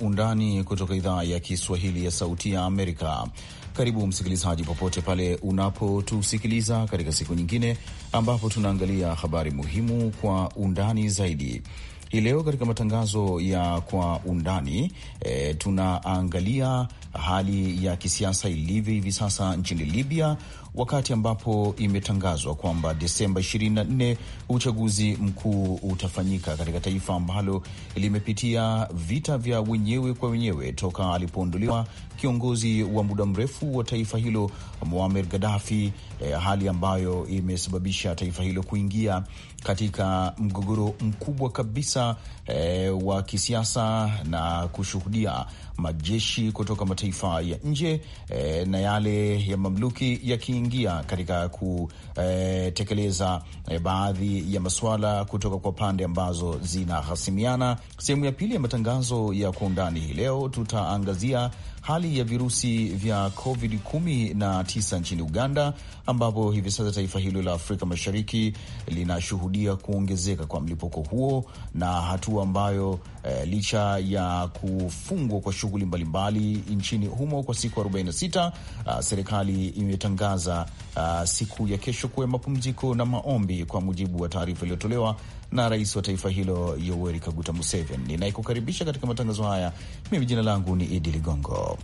undani kutoka idhaa ya Kiswahili ya Sauti ya Amerika. Karibu msikilizaji, popote pale unapotusikiliza katika siku nyingine ambapo tunaangalia habari muhimu kwa undani zaidi. Hii leo katika matangazo ya kwa undani e, tunaangalia hali ya kisiasa ilivyo hivi sasa nchini Libya, wakati ambapo imetangazwa kwamba Desemba 24 uchaguzi mkuu utafanyika katika taifa ambalo limepitia vita vya wenyewe kwa wenyewe toka alipoondolewa kiongozi wa muda mrefu wa taifa hilo Muammar Gaddafi, eh, hali ambayo imesababisha taifa hilo kuingia katika mgogoro mkubwa kabisa eh, wa kisiasa na kushuhudia majeshi kutoka mataifa ya nje e, na yale ya mamluki yakiingia katika kutekeleza e, baadhi ya masuala kutoka kwa pande ambazo zinahasimiana. Sehemu ya pili ya matangazo ya kwa undani hii leo tutaangazia hali ya virusi vya COVID-19 nchini Uganda, ambapo hivi sasa taifa hilo la Afrika Mashariki linashuhudia kuongezeka kwa mlipuko huo na hatua ambayo e, licha ya kufungwa kwa shughuli mbalimbali nchini humo kwa siku 46, uh, ah, serikali imetangaza uh, siku ya kesho kuwa mapumziko na maombi, kwa mujibu wa taarifa iliyotolewa na rais wa taifa hilo Yoweri Kaguta Museveni. Ninayekukaribisha katika matangazo haya mimi, jina langu ni Idi Ligongo.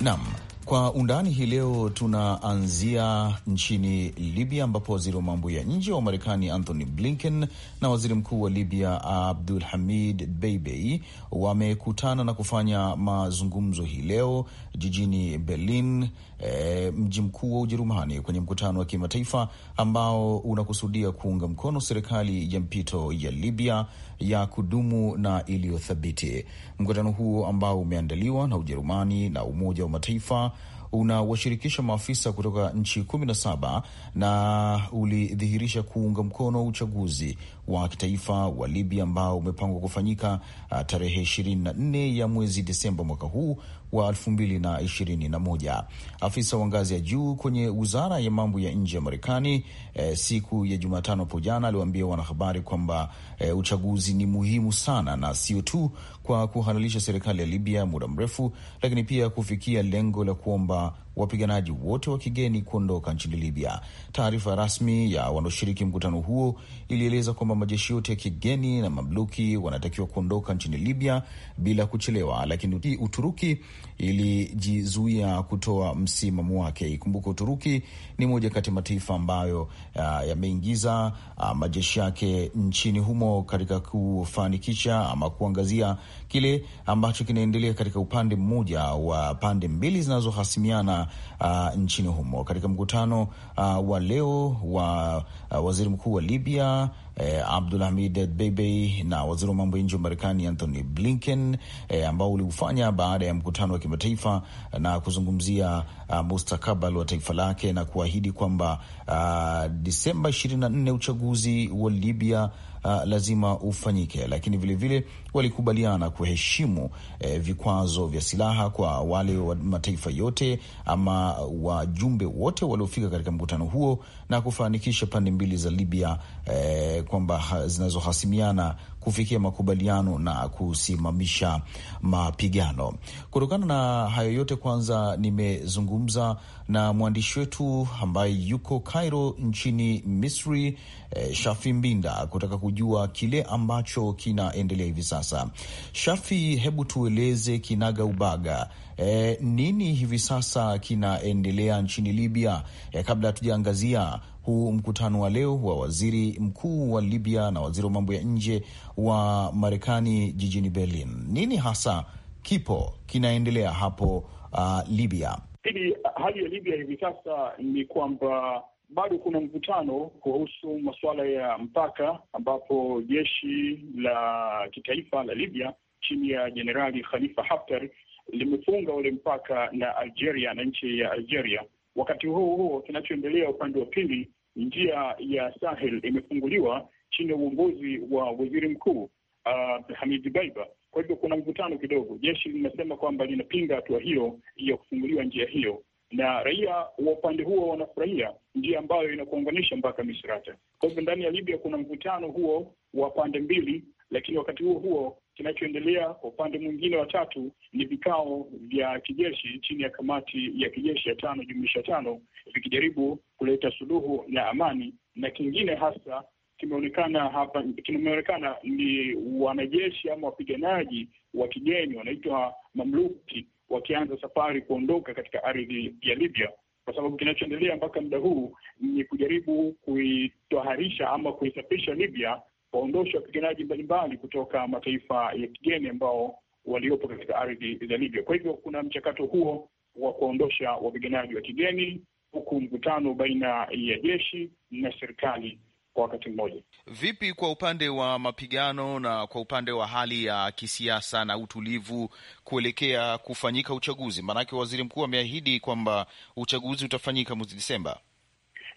Nam, kwa undani hii leo tunaanzia nchini Libya ambapo waziri wa mambo ya nje wa Marekani Anthony Blinken na waziri mkuu wa Libya Abdul Hamid Beibei wamekutana na kufanya mazungumzo hii leo jijini Berlin e, mji mkuu wa Ujerumani kwenye mkutano wa kimataifa ambao unakusudia kuunga mkono serikali ya mpito ya Libya ya kudumu na iliyothabiti. Mkutano huo ambao umeandaliwa na Ujerumani na Umoja wa Mataifa unawashirikisha maafisa kutoka nchi kumi na saba na ulidhihirisha kuunga mkono uchaguzi wa kitaifa wa Libya ambao umepangwa kufanyika ah, tarehe ishirini na nne ya mwezi Desemba mwaka huu wa 2021. Afisa wa ngazi ya juu kwenye wizara ya mambo ya nje ya Marekani e, siku ya Jumatano hapo jana aliwaambia wanahabari kwamba e, uchaguzi ni muhimu sana na sio tu kwa kuhalalisha serikali ya Libya muda mrefu, lakini pia kufikia lengo la kuomba wapiganaji wote wa kigeni kuondoka nchini Libya. Taarifa rasmi ya wanaoshiriki mkutano huo ilieleza kwamba majeshi yote ya kigeni na mamluki wanatakiwa kuondoka nchini Libya bila kuchelewa, lakini Uturuki ilijizuia kutoa msimamo wake. Ikumbuka Uturuki ni moja kati ya mataifa ambayo uh, yameingiza uh, majeshi yake nchini humo katika kufanikisha ama kuangazia kile ambacho kinaendelea katika upande mmoja wa pande mbili zinazohasimiana uh, nchini humo. Katika mkutano uh, wa leo wa uh, waziri mkuu wa Libya eh, Abdul Hamid Bebei na waziri wa mambo ya nje wa Marekani Anthony Blinken eh, ambao uliufanya baada ya mkutano wa kimataifa eh, na kuzungumzia uh, ah, mustakabal wa taifa lake na kuahidi kwamba uh, Disemba 24 uchaguzi wa Libya uh, lazima ufanyike, lakini vilevile walikubaliana kuheshimu eh, vikwazo vya silaha kwa wale wa mataifa yote ama wajumbe wote waliofika katika mkutano huo na kufanikisha pande mbili za Libya eh, kwamba zinazohasimiana kufikia makubaliano na kusimamisha mapigano. Kutokana na hayo yote, kwanza nimezungumza na mwandishi wetu ambaye yuko Cairo nchini Misri, eh, Shafi Mbinda, kutaka kujua kile ambacho kinaendelea hivi sasa. Shafi, hebu tueleze kinaga ubaga, eh, nini hivi sasa kinaendelea nchini Libya, eh, kabla hatujaangazia huu mkutano wa leo wa waziri mkuu wa Libya na waziri wa mambo ya nje wa Marekani jijini Berlin. Nini hasa kipo kinaendelea hapo uh, Libya? Hili uh, hali ya Libya hivi sasa ni kwamba bado kuna mvutano kuhusu masuala ya mpaka, ambapo jeshi la kitaifa la Libya chini ya Jenerali Khalifa Haftar limefunga ule mpaka na Algeria na nchi ya Algeria. Wakati huo huo, kinachoendelea upande wa pili njia ya Sahel imefunguliwa chini ya uongozi wa waziri mkuu uh, Hamid Dbeibah. Kwa hivyo kuna mvutano kidogo. Jeshi linasema kwamba linapinga hatua hiyo ya kufunguliwa njia hiyo, na raia wa upande huo wanafurahia njia ambayo inakuunganisha mpaka Misrata. Kwa hivyo ndani ya Libya kuna mvutano huo wa pande mbili lakini wakati huo huo kinachoendelea kwa upande mwingine wa tatu ni vikao vya kijeshi chini ya kamati ya kijeshi ya tano jumlisha tano vikijaribu kuleta suluhu ya amani, na kingine hasa kimeonekana hapa, kimeonekana ni wanajeshi ama wapiganaji wa kigeni wanaitwa mamluki wakianza safari kuondoka katika ardhi ya Libya kwa sababu kinachoendelea mpaka muda huu ni kujaribu kuitoharisha ama kuisafisha Libya waondoshe wapiganaji mbalimbali kutoka mataifa ya kigeni ambao waliopo katika ardhi za Libya. Kwa hivyo kuna mchakato huo wa kuwaondosha wapiganaji wa kigeni, huku mkutano baina ya jeshi na serikali kwa wakati mmoja. Vipi kwa upande wa mapigano na kwa upande wa hali ya kisiasa na utulivu kuelekea kufanyika uchaguzi? Maanake waziri mkuu ameahidi kwamba uchaguzi utafanyika mwezi Desemba.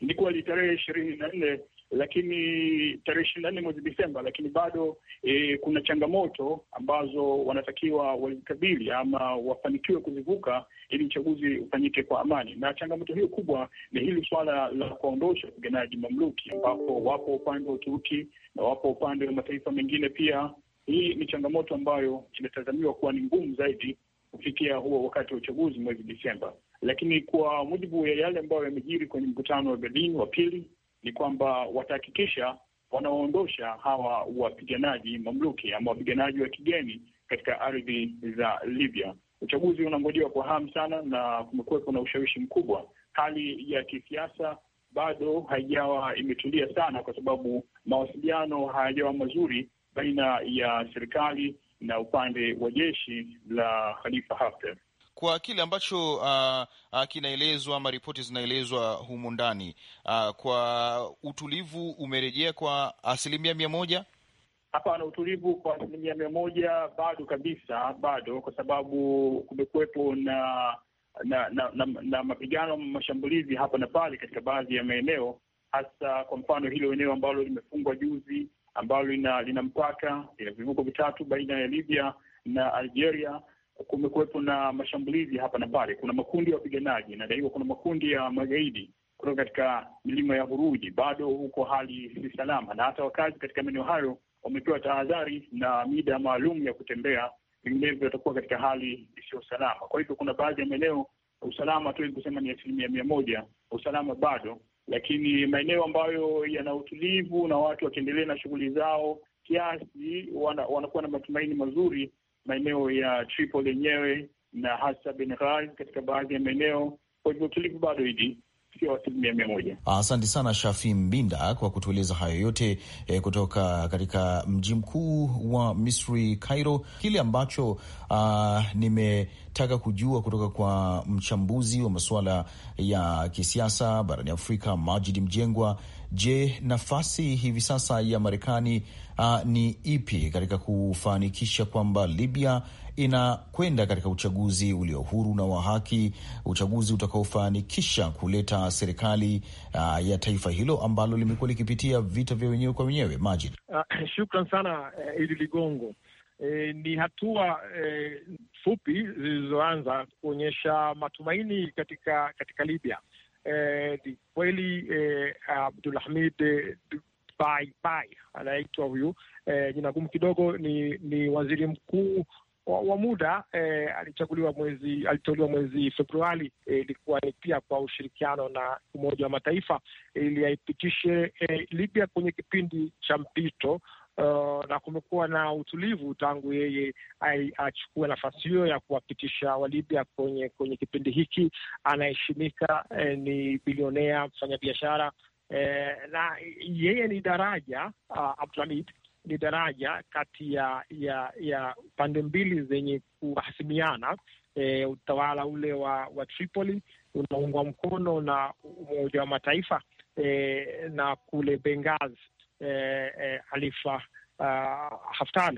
Ni kweli tarehe ishirini na nne lakini tarehe ishirini na nne mwezi Desemba, lakini bado e, kuna changamoto ambazo wanatakiwa wazikabili ama wafanikiwe kuzivuka ili uchaguzi ufanyike kwa amani, na changamoto hiyo kubwa ni hili suala la kuwaondosha wapiganaji mamluki, ambapo wapo upande wa Uturuki na wapo upande wa mataifa mengine pia. Hii ni changamoto ambayo inatazamiwa kuwa ni ngumu zaidi kufikia huo wakati wa uchaguzi mwezi Desemba, lakini kwa mujibu ya yale ambayo yamejiri kwenye mkutano wa Berlin wa pili ni kwamba watahakikisha wanaoondosha hawa wapiganaji mamluki ama wapiganaji wa kigeni katika ardhi za Libya. Uchaguzi unangojewa kwa hamu sana, na kumekuwepo na ushawishi mkubwa. Hali ya kisiasa bado haijawa imetulia sana, kwa sababu mawasiliano hayajawa mazuri baina ya serikali na upande wa jeshi la Khalifa Haftar kwa kile ambacho uh, uh, kinaelezwa ama ripoti zinaelezwa humu ndani uh, kwa utulivu umerejea kwa asilimia mia moja? Hapana, utulivu kwa asilimia mia moja bado kabisa, bado kwa sababu kumekuwepo na na na, na, na mapigano, mashambulizi hapa na pale katika baadhi ya maeneo, hasa kwa mfano hilo eneo ambalo limefungwa juzi ambalo lina, lina mpaka lina vivuko vitatu baina ya Libya na Algeria kumekuwepo na mashambulizi hapa na pale. Kuna makundi ya wapiganaji, inadaiwa kuna makundi ya magaidi kutoka katika milima ya Huruji. Bado huko hali si salama, na hata wakazi katika maeneo hayo wamepewa tahadhari na mida maalum ya kutembea, vinginevyo watakuwa katika hali isiyo salama. Kwa hivyo kuna baadhi ya maeneo usalama tuwezi kusema ni asilimia mia moja, usalama bado, lakini maeneo ambayo yana utulivu na watu wakiendelea na shughuli zao kiasi, wanakuwa na matumaini mazuri maeneo ya Tripoli yenyewe na hasa Benghazi katika baadhi ya maeneo. Kwa hivyo utulivu bado hidi sio asilimia Asante sana Shafi Mbinda kwa kutueleza hayo yote e, kutoka katika mji mkuu wa Misri, Cairo. Kile ambacho uh, nimetaka kujua kutoka kwa mchambuzi wa masuala ya kisiasa barani Afrika Majid Mjengwa Je, nafasi hivi sasa ya Marekani uh, ni ipi katika kufanikisha kwamba Libya inakwenda katika uchaguzi ulio huru na wa haki, uchaguzi utakaofanikisha kuleta serikali uh, ya taifa hilo ambalo limekuwa likipitia vita vya wenyewe kwa wenyewe? Majid. Uh, shukran sana uh, Idi Ligongo. E, ni hatua e, fupi zilizoanza kuonyesha matumaini katika katika Libya eh, kweli eh, Abdulhamid eh, anaitwa huyu eh, jina gumu kidogo, ni ni waziri mkuu wa, wa muda eh, alichaguliwa mwezi aliteuliwa mwezi Februari, eh, ilikuwa eh, ni pia kwa ushirikiano na Umoja wa Mataifa ili aipitishe eh, Libya kwenye kipindi cha mpito uh, na kumekuwa na utulivu tangu yeye achukua nafasi hiyo ya kuwapitisha Walibya kwenye kwenye kipindi hiki. Anaheshimika eh, ni bilionea mfanyabiashara eh, na yeye ni daraja uh, Abdulhamid ni daraja kati ya ya ya pande mbili zenye kuhasimiana. E, utawala ule wa wa Tripoli unaungwa mkono na Umoja wa Mataifa e, na kule Benghazi Eh, eh, Khalifa ah, Haftar.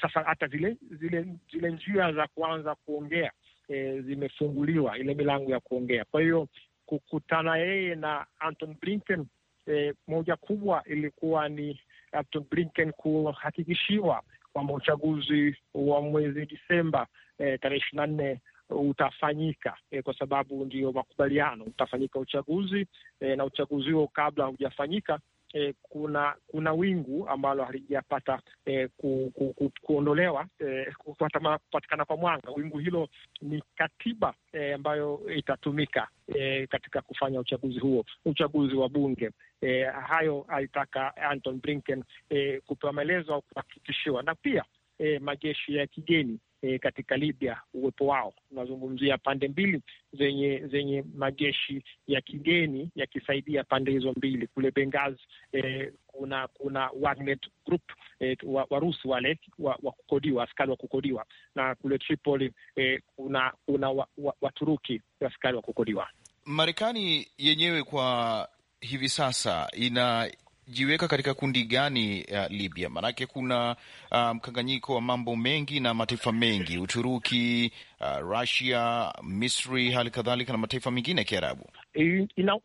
Sasa hata zile zile zile njia za kuanza kuongea E, zimefunguliwa ile milango ya kuongea. Kwa hiyo kukutana yeye na Anton Blinken e, moja kubwa ilikuwa ni Anton Blinken kuhakikishiwa kwamba uchaguzi wa mwezi Disemba e, tarehe ishirini na nne uh, utafanyika e, kwa sababu ndio makubaliano, utafanyika uchaguzi e, na uchaguzi huo kabla hujafanyika eh, kuna kuna wingu ambalo halijapata eh, ku, ku, ku, kuondolewa eh, kupatikana kwa mwanga. Wingu hilo ni katiba eh, ambayo itatumika eh, katika kufanya uchaguzi huo, uchaguzi wa bunge. Eh, hayo alitaka Anton Blinken eh, kupewa maelezo au kuhakikishiwa na pia eh, majeshi ya kigeni e, katika Libya uwepo wao. unazungumzia pande mbili zenye zenye majeshi ya kigeni yakisaidia pande hizo mbili. Kule Benghazi e, kuna kuna Wagner Group e, wa, Warusi wale wa, wa kukodiwa askari wa kukodiwa, na kule Tripoli e, kuna kuna Waturuki wa, Waturuki askari wa kukodiwa. Marekani yenyewe kwa hivi sasa ina jiweka katika kundi gani uh, Libya? Maanake kuna ah, mkanganyiko um, wa mambo mengi na mataifa mengi, Uturuki, uh, Russia, Misri, hali kadhalika na mataifa mengine ya Kiarabu.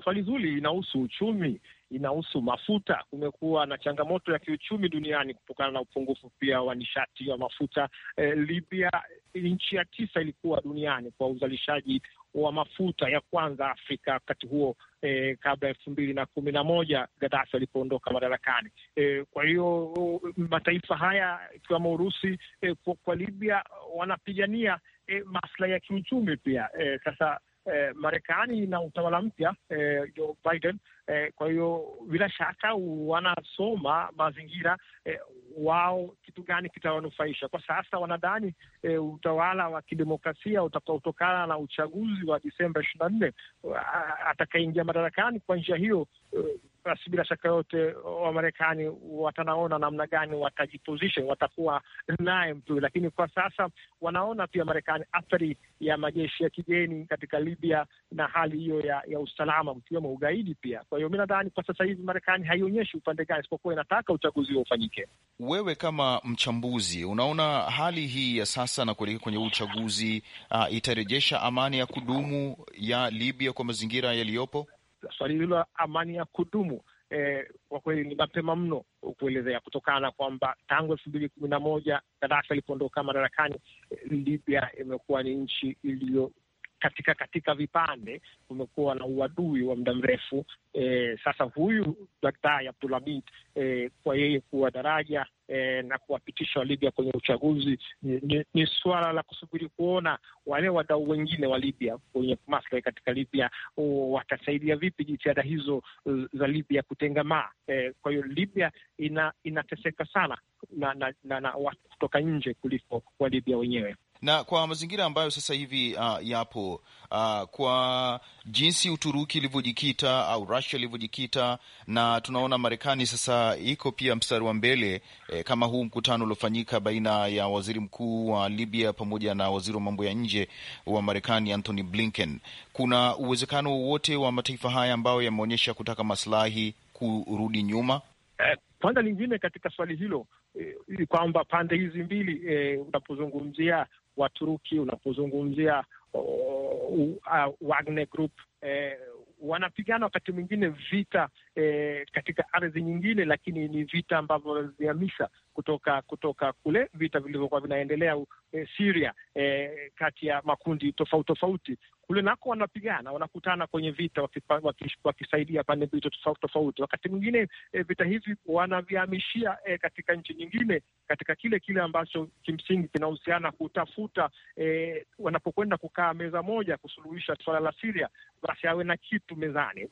Swali zuri, inahusu uchumi inahusu mafuta. Kumekuwa na changamoto ya kiuchumi duniani kutokana na upungufu pia wa nishati ya mafuta. E, Libya nchi ya tisa ilikuwa duniani kwa uzalishaji wa mafuta ya kwanza Afrika wakati huo e, kabla elfu mbili na kumi na moja gadafi alipoondoka madarakani. E, kwa hiyo mataifa haya ikiwemo Urusi e, kwa, kwa Libya wanapigania e, maslahi ya kiuchumi pia e, sasa Eh, Marekani na utawala mpya eh, Joe Biden eh, kwa hiyo bila shaka wanasoma mazingira eh, wao kitu gani kitawanufaisha. Kwa sasa wanadhani e, utawala wa kidemokrasia utakaotokana na uchaguzi wa Disemba ishirini na nne, atakaingia madarakani kwa njia hiyo e, basi bila shaka yote Wamarekani watanaona namna gani watajiposition, watakuwa naye mtu. Lakini kwa sasa wanaona pia Marekani athari ya majeshi ya kigeni katika Libya na hali hiyo ya, ya usalama mkiwemo ugaidi pia. Kwa hiyo mi nadhani kwa sasa hivi Marekani haionyeshi upande gani, isipokuwa inataka uchaguzi huo ufanyike. Wewe kama mchambuzi, unaona hali hii ya sasa na kuelekea kwenye uchaguzi uh, itarejesha amani ya kudumu ya Libya kwa mazingira yaliyopo? swali hilo la amani ya kudumu eh, kwa kweli ni mapema mno kuelezea kutokana na kwamba tangu elfu mbili kumi na moja Gaddafi alipoondoka madarakani, eh, Libya imekuwa ni nchi iliyo katika katika vipande, kumekuwa na uadui wa muda mrefu e. Sasa huyu Daktari Abdulhamid e, kwa yeye kuwa daraja e, na kuwapitisha Walibya kwenye uchaguzi ni, ni suala la kusubiri kuona wale wadau wengine wa Libya wenye maslahi katika Libya watasaidia vipi jitihada hizo za Libya kutengamaa. E, kwa hiyo Libya ina inateseka sana na, na, na, na watu kutoka nje kuliko Walibya wenyewe na kwa mazingira ambayo sasa hivi uh, yapo uh, kwa jinsi Uturuki ilivyojikita au Rusia ilivyojikita, na tunaona Marekani sasa iko pia mstari wa mbele eh, kama huu mkutano uliofanyika baina ya waziri mkuu wa Libya pamoja na waziri wa mambo ya nje wa Marekani Anthony Blinken. Kuna uwezekano wowote wa mataifa haya ambayo yameonyesha kutaka maslahi kurudi nyuma? Eh, kwanza lingine katika swali hilo eh, kwamba pande hizi mbili eh, unapozungumzia Waturuki, unapozungumzia uh, uh, Wagner Group eh, wanapigana wakati mwingine vita eh, katika ardhi nyingine, lakini ni vita ambavyo wanazihamisha kutoka kutoka kule vita vilivyokuwa vinaendelea eh, Syria eh, kati ya makundi tofauti tofauti kule nako wanapigana, wanakutana kwenye vita wakisaidia pande mbili tofauti tofauti. Wakati mwingine e, vita hivi wanavihamishia e, katika nchi nyingine, katika kile kile ambacho kimsingi kinahusiana kutafuta e, wanapokwenda kukaa meza moja kusuluhisha suala la Siria, basi awe na kitu mezani.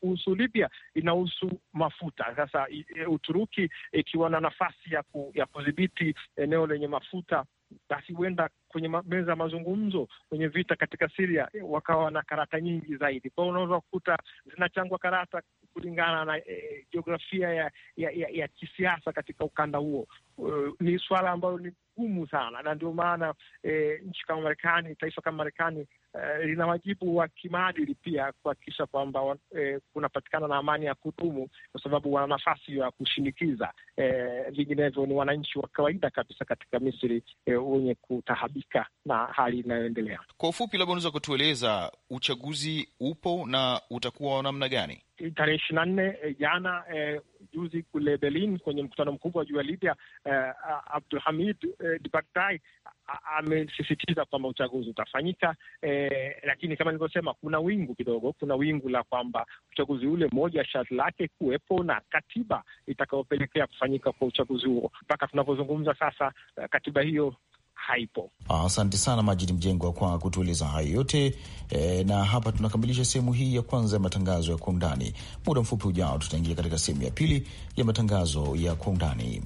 Kuhusu Libya inahusu mafuta. Sasa e, Uturuki ikiwa e, na nafasi ya, ku, ya kudhibiti eneo lenye mafuta basi huenda kwenye meza ya mazungumzo kwenye vita katika Siria e, wakawa na karata nyingi zaidi kwao. Unaweza kukuta zinachangwa karata kulingana na e, jiografia ya, ya, ya, ya kisiasa katika ukanda huo. Uh, ni suala ambalo ni gumu sana, na ndio maana e, nchi kama Marekani, taifa kama Marekani eh, lina wajibu wa kimaadili pia kuhakikisha kwamba eh, kunapatikana na amani ya kudumu, kwa sababu wana nafasi ya kushinikiza eh, vinginevyo, ni wananchi wa kawaida kabisa katika Misri eh, wenye kutahabika na hali inayoendelea. Kwa ufupi, labda unaweza kutueleza uchaguzi upo na utakuwa wa namna gani? tarehe ishirini na nne eh, jana eh, juzi kule Berlin kwenye mkutano mkubwa juu ya Libya eh, Abdul Hamid eh, Dibaktai amesisitiza kwamba uchaguzi utafanyika eh, lakini kama nilivyosema, kuna wingu kidogo, kuna wingu la kwamba uchaguzi ule, moja ya sharti lake kuwepo na katiba itakayopelekea kufanyika kwa uchaguzi huo. Mpaka tunavyozungumza sasa, eh, katiba hiyo haipo. Asante sana Majidi Mjengwa kwa kutueleza hayo yote e. Na hapa tunakamilisha sehemu hii ya kwanza ya matangazo ya kwa undani. Muda mfupi ujao, tutaingia katika sehemu ya pili ya matangazo ya kwa undani.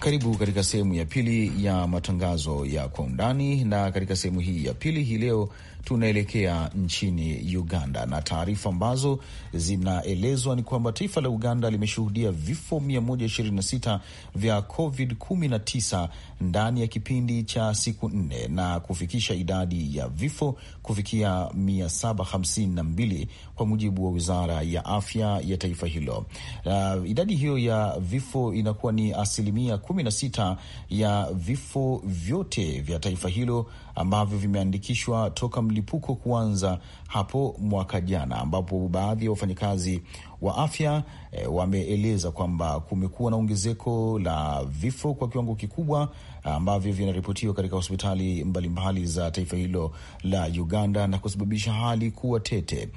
Karibu katika sehemu ya pili ya matangazo ya kwa undani. Na katika sehemu hii ya pili hii leo tunaelekea nchini Uganda, na taarifa ambazo zinaelezwa ni kwamba taifa la Uganda limeshuhudia vifo 126 vya COVID-19 ndani ya kipindi cha siku nne na kufikisha idadi ya vifo kufikia 752 kwa mujibu wa wizara ya afya ya taifa hilo. Uh, idadi hiyo ya vifo inakuwa ni asilimia kumi na sita ya vifo vyote vya taifa hilo ambavyo vimeandikishwa toka mlipuko kuanza hapo mwaka jana, ambapo baadhi ya wafanyakazi wa afya e, wameeleza kwamba kumekuwa na ongezeko la vifo kwa kiwango kikubwa eh, ambavyo vinaripotiwa katika hospitali mbalimbali za taifa hilo la Uganda na kusababisha hali kuwa tete.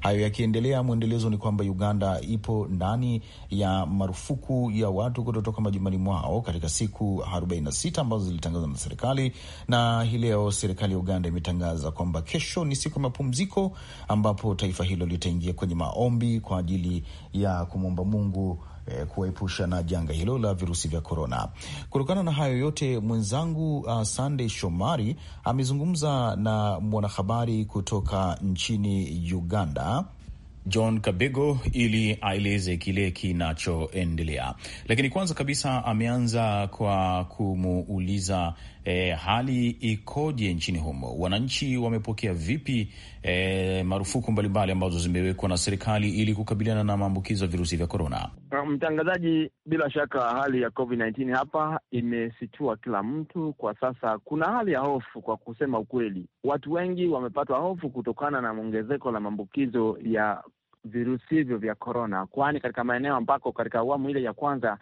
Hayo yakiendelea, mwendelezo ni kwamba Uganda ipo ndani ya marufuku ya watu kutotoka majumbani mwao katika siku 46 ambazo zilitangazwa na serikali, na hii leo serikali ya Uganda imetangaza kwamba kesho ni siku ya mapumziko ambapo taifa hilo litaingia kwenye maombi kwa ajili ya kumwomba Mungu eh, kuwaepusha na janga hilo la virusi vya korona. Kutokana na hayo yote, mwenzangu uh, Sandey Shomari amezungumza na mwanahabari kutoka nchini Uganda John kabego ili aeleze kile kinachoendelea, lakini kwanza kabisa ameanza kwa kumuuliza e, hali ikoje nchini humo? Wananchi wamepokea vipi e, marufuku mbalimbali ambazo zimewekwa na serikali ili kukabiliana na maambukizo ya virusi vya korona? Ah, mtangazaji, bila shaka hali ya COVID-19 hapa imesitua kila mtu kwa sasa. Kuna hali ya hofu, kwa kusema ukweli, watu wengi wamepatwa hofu kutokana na ongezeko la maambukizo ya virusi hivyo vya korona, kwani katika maeneo ambako katika awamu ile ya kwanza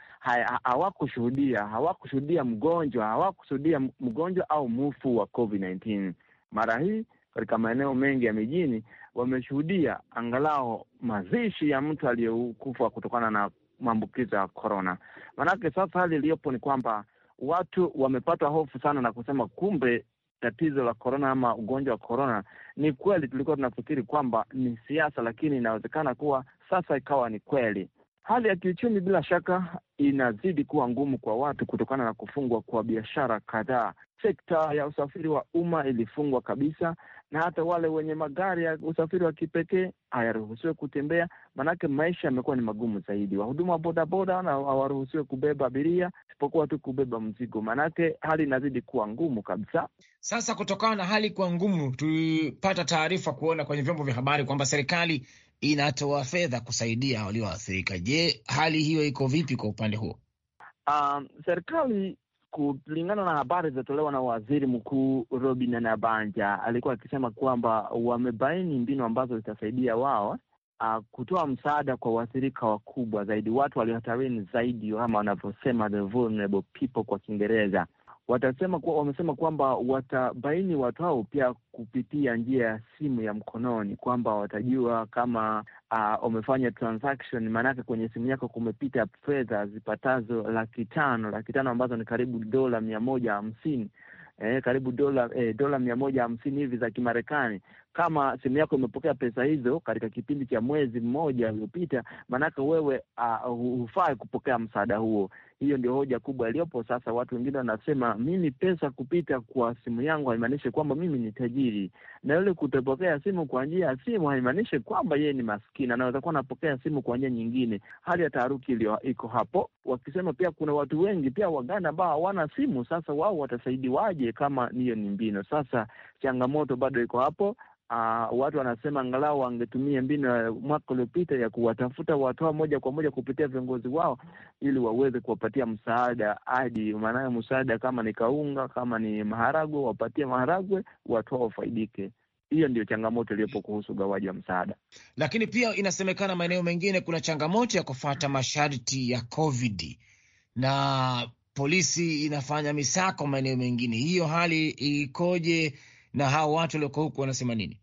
hawakushuhudia hawakushuhudia mgonjwa hawakushuhudia mgonjwa au mufu wa COVID-19. Mara hii katika maeneo mengi ya mijini wameshuhudia angalau mazishi ya mtu aliyekufa kutokana na maambukizo ya korona. Maanake sasa hali iliyopo ni kwamba watu wamepata hofu sana na kusema kumbe tatizo la korona ama ugonjwa wa korona ni kweli tulikuwa tunafikiri kwamba ni siasa, lakini inawezekana kuwa sasa ikawa ni kweli. Hali ya kiuchumi bila shaka inazidi kuwa ngumu kwa watu kutokana na kufungwa kwa biashara kadhaa. Sekta ya usafiri wa umma ilifungwa kabisa, na hata wale wenye magari ya usafiri wa kipekee hayaruhusiwe kutembea, maanake maisha yamekuwa ni magumu zaidi. Wahudumu wa bodaboda hawaruhusiwe kubeba abiria, isipokuwa tu kubeba mzigo, maanake hali inazidi kuwa ngumu kabisa. Sasa kutokana na hali kuwa ngumu, tulipata taarifa kuona kwenye vyombo vya habari kwamba serikali inatoa fedha kusaidia walioathirika. Je, hali hiyo iko vipi kwa upande huo? Um, serikali kulingana na habari zilizotolewa na waziri mkuu Robin nabanja alikuwa akisema kwamba wamebaini mbinu ambazo zitasaidia wao uh, kutoa msaada kwa waathirika wakubwa zaidi, watu walio hatarini zaidi, kama wanavyosema the vulnerable people kwa Kiingereza watasema kuwa, wamesema kwamba watabaini watu hao pia kupitia njia ya simu ya mkononi, kwamba watajua kama wamefanya uh, transaction. Maanake kwenye simu yako kumepita fedha zipatazo laki tano, laki tano ambazo ni karibu dola mia moja hamsini Eh, karibu dola eh, dola mia moja hamsini hivi za Kimarekani kama simu yako imepokea pesa hizo katika kipindi cha mwezi mmoja uliopita, maanake wewe uh, hufai kupokea msaada huo. Hiyo ndio hoja kubwa iliyopo sasa. Watu wengine wanasema mimi pesa kupita kwa simu yangu haimaanishi kwamba mimi ni tajiri, na yule kutopokea simu kwa njia ya simu haimaanishi kwamba yeye ni maskini, anaweza kuwa anapokea simu kwa njia nyingine. Hali ya taharuki iliyo iko hapo, wakisema pia kuna watu wengi pia Waganda ambao hawana simu. Sasa wao watasaidiwaje kama hiyo ni mbino? Sasa changamoto bado iko hapo. Uh, watu wanasema angalau wangetumia mbinu ya mwaka uliopita ya kuwatafuta watoa moja kwa moja kupitia viongozi wao ili waweze kuwapatia msaada hadi, maanaye msaada kama ni kaunga, kama ni maharagwe, wapatie maharagwe watoa wafaidike. Hiyo ndio changamoto iliyopo kuhusu ugawaji wa msaada, lakini pia inasemekana maeneo mengine kuna changamoto ya kufata masharti ya COVID na polisi inafanya misako maeneo mengine. Hiyo hali ikoje? na hao watu walioko huku wanasema nini?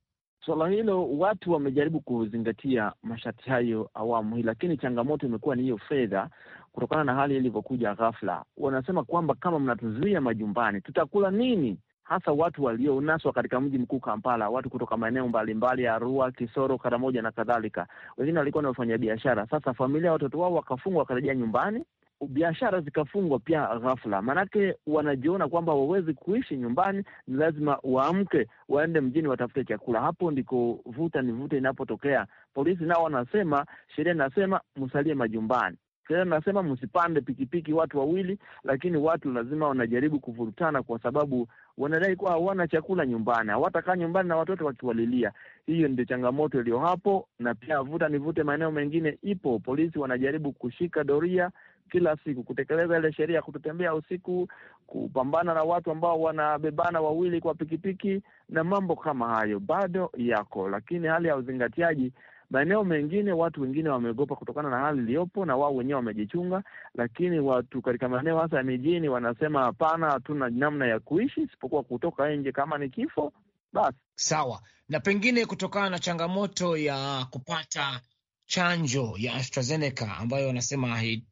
Swala hilo watu wamejaribu kuzingatia masharti hayo awamu hii, lakini changamoto imekuwa ni hiyo fedha, kutokana na hali ilivyokuja ghafla. Wanasema kwamba kama mnatuzuia majumbani, tutakula nini? Hasa watu walionaswa katika mji mkuu Kampala, watu kutoka maeneo mbalimbali ya Arua, Kisoro, Karamoja na kadhalika. Wengine walikuwa ni wafanyabiashara. Sasa familia, watoto wao wakafungwa, wakarejea nyumbani, biashara zikafungwa pia ghafla, maanake wanajiona kwamba wawezi kuishi nyumbani, ni lazima waamke waende mjini watafute chakula. Hapo ndiko vuta ni vuta inapotokea. Polisi nao wanasema, sheria inasema msalie majumbani sheria inasema msipande pikipiki watu wawili, lakini watu lazima wanajaribu kuvurutana, kwa sababu wanadai kuwa hawana chakula nyumbani, hawatakaa nyumbani na watoto wakiwalilia. Hiyo ndio changamoto iliyo hapo, na pia vuta ni vute maeneo mengine ipo. Polisi wanajaribu kushika doria kila siku, kutekeleza ile sheria, kutotembea usiku, kupambana na watu ambao wanabebana wawili kwa pikipiki na mambo kama hayo bado yako, lakini hali ya uzingatiaji maeneo mengine watu wengine wameogopa kutokana na hali iliyopo, na wao wenyewe wamejichunga. Lakini watu katika maeneo hasa ya mijini wanasema hapana, hatuna namna ya kuishi isipokuwa kutoka nje, kama ni kifo basi sawa. Na pengine kutokana na changamoto ya kupata chanjo ya AstraZeneca ambayo wanasema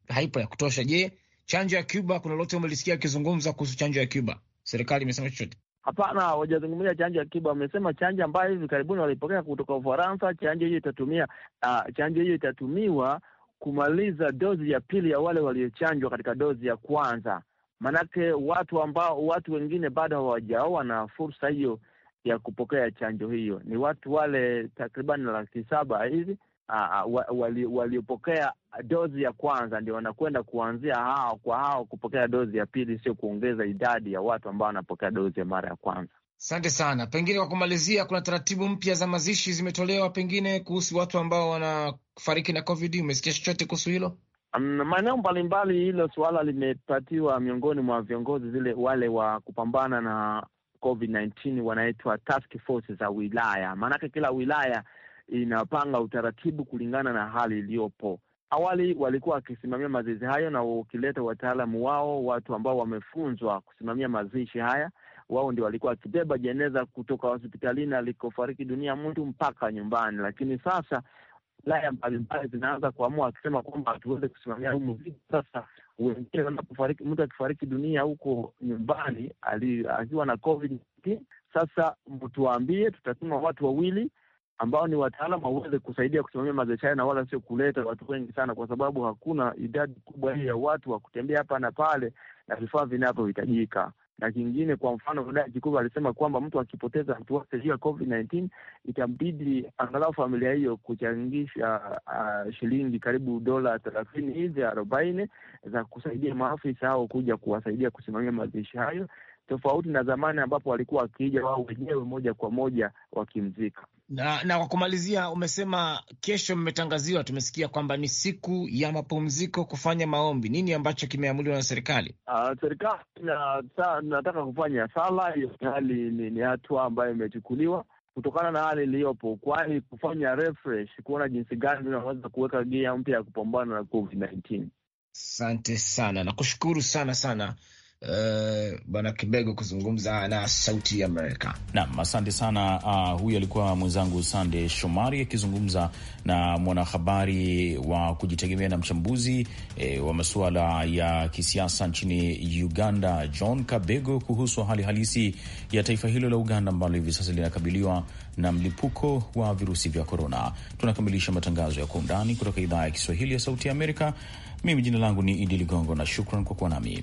haipo ya kutosha. Je, chanjo ya Cuba, kuna lote umelisikia akizungumza kuhusu chanjo ya Cuba? Serikali imesema chochote? Hapana, wajazungumzia chanjo ya Cuba. Wamesema chanjo ambayo hivi karibuni walipokea kutoka Ufaransa, chanjo hiyo itatumia uh, chanjo hiyo itatumiwa kumaliza dozi ya pili ya wale waliochanjwa katika dozi ya kwanza, maanake watu ambao watu wengine bado hawajaoa na fursa hiyo ya kupokea chanjo hiyo ni watu wale takriban laki saba hivi waliopokea wali dozi ya kwanza ndio wanakwenda kuanzia hao kwa hao kupokea dozi ya pili, sio kuongeza idadi ya watu ambao wanapokea dozi ya mara ya kwanza. Asante sana. Pengine kwa kumalizia, kuna taratibu mpya za mazishi zimetolewa, pengine kuhusu watu ambao wanafariki na COVID. Umesikia chochote kuhusu hilo? Um, maeneo mbalimbali hilo suala limepatiwa miongoni mwa viongozi zile wale wa kupambana na COVID-19 wanaitwa task force za wilaya, maanake kila wilaya inapanga utaratibu kulingana na hali iliyopo. Awali walikuwa wakisimamia mazishi hayo na wakileta wataalamu wao, watu ambao wamefunzwa kusimamia mazishi haya. Wao ndio walikuwa wakibeba jeneza kutoka hospitalini alikofariki dunia mtu mpaka nyumbani, lakini sasa wilaya mbalimbali zinaanza kuamua wakisema kwamba hatuweze kusimamia Sasa wengine wanapofariki, mtu akifariki dunia huko nyumbani akiwa na COVID sasa mtuambie, tutatuma watu wawili ambao ni wataalam waweze kusaidia kusimamia mazeshaya na wala sio kuleta watu wengi sana, kwa sababu hakuna idadi kubwa hii ya watu wa kutembea hapa na pale na vifaa vinavyohitajika. Na kingine, kwa mfano, Godaya Chikuba alisema kwamba mtu akipoteza mtu wake hiyo Covid 19 itambidi angalau familia hiyo kuchangisha uh, shilingi karibu dola thelathini hizi arobaini za kusaidia maafisa hao kuja kuwasaidia kusimamia mazishi hayo, tofauti na zamani ambapo walikuwa wakija wao wenyewe moja kwa moja wakimzika. Na, na kwa kumalizia, umesema kesho mmetangaziwa, tumesikia kwamba ni siku ya mapumziko kufanya maombi. Nini ambacho kimeamuliwa na serikali? Uh, serikali nataka kufanya sala. Hiyo hali ni, ni hatua ambayo imechukuliwa kutokana na hali iliyopo, kwani kufanya refresh, kuona jinsi gani tunaweza kuweka gia mpya ya kupambana na COVID-19. Asante sana, nakushukuru sana sana Eh, bwana Kibego kuzungumza na Sauti ya Amerika. Naam, asante sana. Uh, huyu alikuwa mwenzangu Sande Shomari akizungumza na mwanahabari wa kujitegemea na mchambuzi eh, wa masuala ya kisiasa nchini Uganda John Kabego kuhusu hali halisi ya taifa hilo la Uganda ambalo hivi sasa linakabiliwa na mlipuko wa virusi vya korona. Tunakamilisha matangazo ya kwa undani kutoka idhaa ya Kiswahili ya Sauti ya Amerika. Mimi jina langu ni Idi Ligongo na shukran kwa kuwa nami.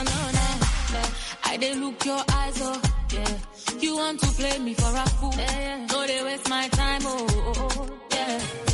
Oh, no, no, no. I didn't look your eyes, oh, yeah. You want to play me for a fool. Yeah, yeah. No, they waste my time, oh, oh, oh yeah.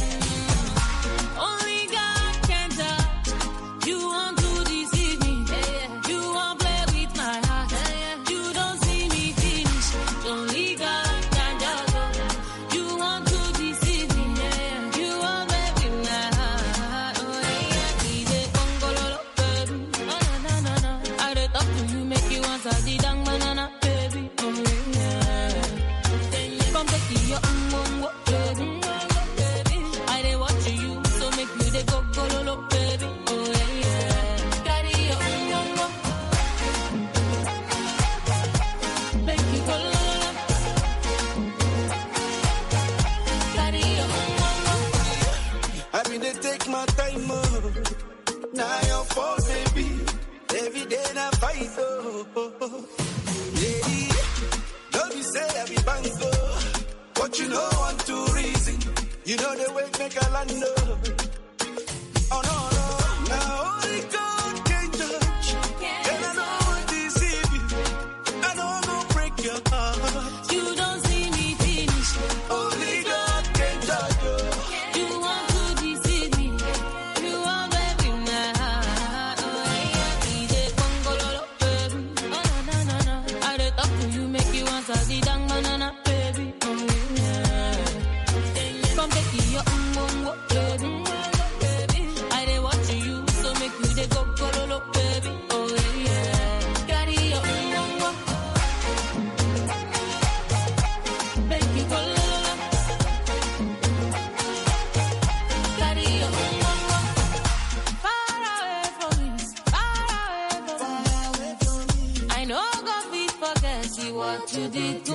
you know want to reason. You know the way make a land did.